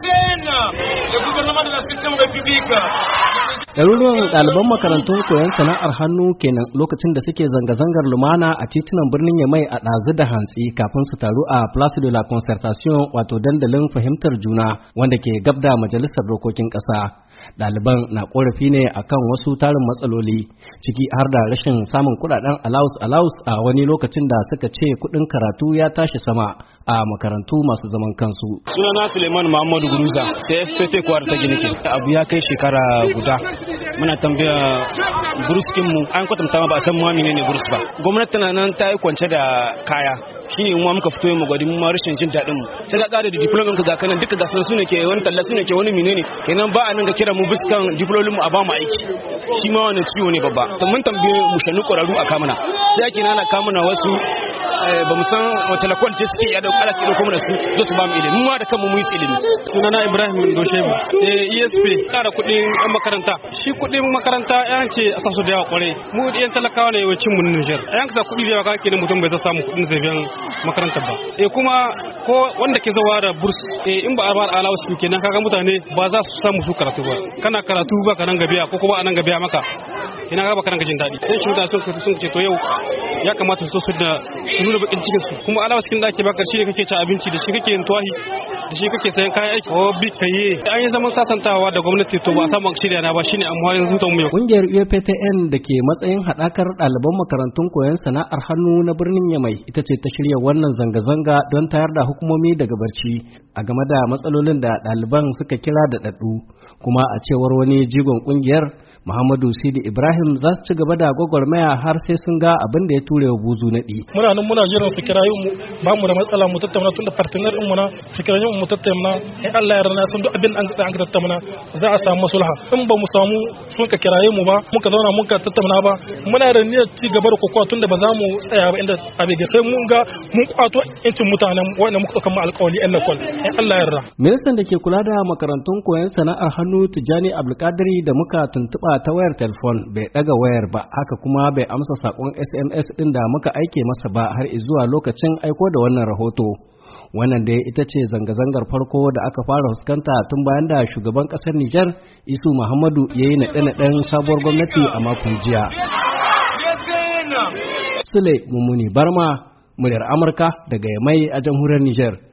tena Ɗaruruwan ɗaliban makarantun koyon sana'ar hannu kenan lokacin da suke zanga-zangar lumana a titunan birnin Yamai a ɗazu da hantsi kafin su taru a Place de la Concertation wato dandalin fahimtar juna wanda ke gabda majalisar dokokin ƙasa. ɗaliban na ƙorafi ne akan wasu tarin matsaloli ciki har da rashin samun kuɗaɗen alaus-alaus a wani lokacin da suka ce kuɗin karatu ya tashi sama a makarantu masu zaman kansu. Sunana Suleiman Muhammadu Guruza, CFPT da ta Ginike. Abu ya kai shekara guda. Muna tambaya buruskin mu an kwatanta ma ba san ne ne burus ba. Gwamnati na nan ta yi kwance da kaya. Shi ne mu muka fito mu gwadi mu rashin jin daɗin mu. Sai ka ƙara da diplomin ka ga kanan duka ga sun sune ke wani talla suna ke wani menene. Kenan ba a nan ga kira mu biskan diplomin mu a ba mu aiki. Shi ma wani ciwo ne babba. Mun tambaye mu shanu ƙwararru a kamuna. Sai ake nana kamuna wasu Eh, ba mu san wace la kwalce suke yada kala su kuma da su zo su ba mu ilimi mu da kanmu mu yi ilimi sunana Ibrahim Doshebu eh ESP kara kudin yan makaranta shi kudin makaranta yan ce a sasu da yawa kwarai mu yan talakawa ne yawancin mu Niger yan ka kudi da yawa kake ne mutum bai sa samu kudin zai biyan makaranta ba eh kuma ko wanda ke zawa da burs eh in ba a ba alawus kenan kaga mutane ba za su samu su karatu ba kana karatu ba ka nan biya ko kuma a nan biya maka ina ga ba ka nan jin daɗi sai shi mutane sun ce to yau ya kamata su so su da nuna bakin cikin su kuma alawa cikin daki bakar shi kake ci abinci da shi kake yin tuwahi da shi kake sayan kayan aiki ko oh, bi kaye an yi zaman sasantawa da gwamnati to ba samu shirya na ba shine amma yanzu ta mu kungiyar UPTN da ke matsayin hadakar ɗaliban makarantun koyon sana'ar hannu na birnin Yamai ita ce ta shirya wannan zanga-zanga don tayar da hukumomi daga barci a game da matsalolin da ɗaliban suka kira da ɗaɗɗu kuma a cewar wani jigon kungiyar Muhammadu Sidi Ibrahim za su ci gaba da gwagwarmaya har sai sun ga abin da ya ture wa buzu ɗi. Muna nan muna jiran fikirayen mu ba mu da matsala mu tattauna tun da partner ɗin mu na mu tattauna in Allah ya rana sun duk abin an an tattauna za a samu sulha in ba mu samu sun ka kiraye mu ba muka zauna muka tattauna ba muna da niyyar ci gaba da kokowa tun da ba za mu tsaya ba inda abin sai mun ga mun kwato incin mutanen wanda muka kama alƙawari ɗan lakol in Allah ya rana. Ministan da ke kula da makarantun koyon sana'ar hannu Tijjani Abdulkadir da muka tuntuɓa ba ta wayar telefon bai ɗaga wayar ba haka kuma bai amsa saƙon SMS ɗin da muka aike masa ba har zuwa lokacin aiko da wannan rahoto. Wannan dai ita ce zanga-zangar farko da aka fara fuskanta tun bayan da shugaban ƙasar Nijar Isu Muhammadu ya yi naɗe-naɗen sabuwar gwamnati a makon jiya. Sule Mumuni Barma, muryar Amurka daga Yamai a jamhuriyar Nijar.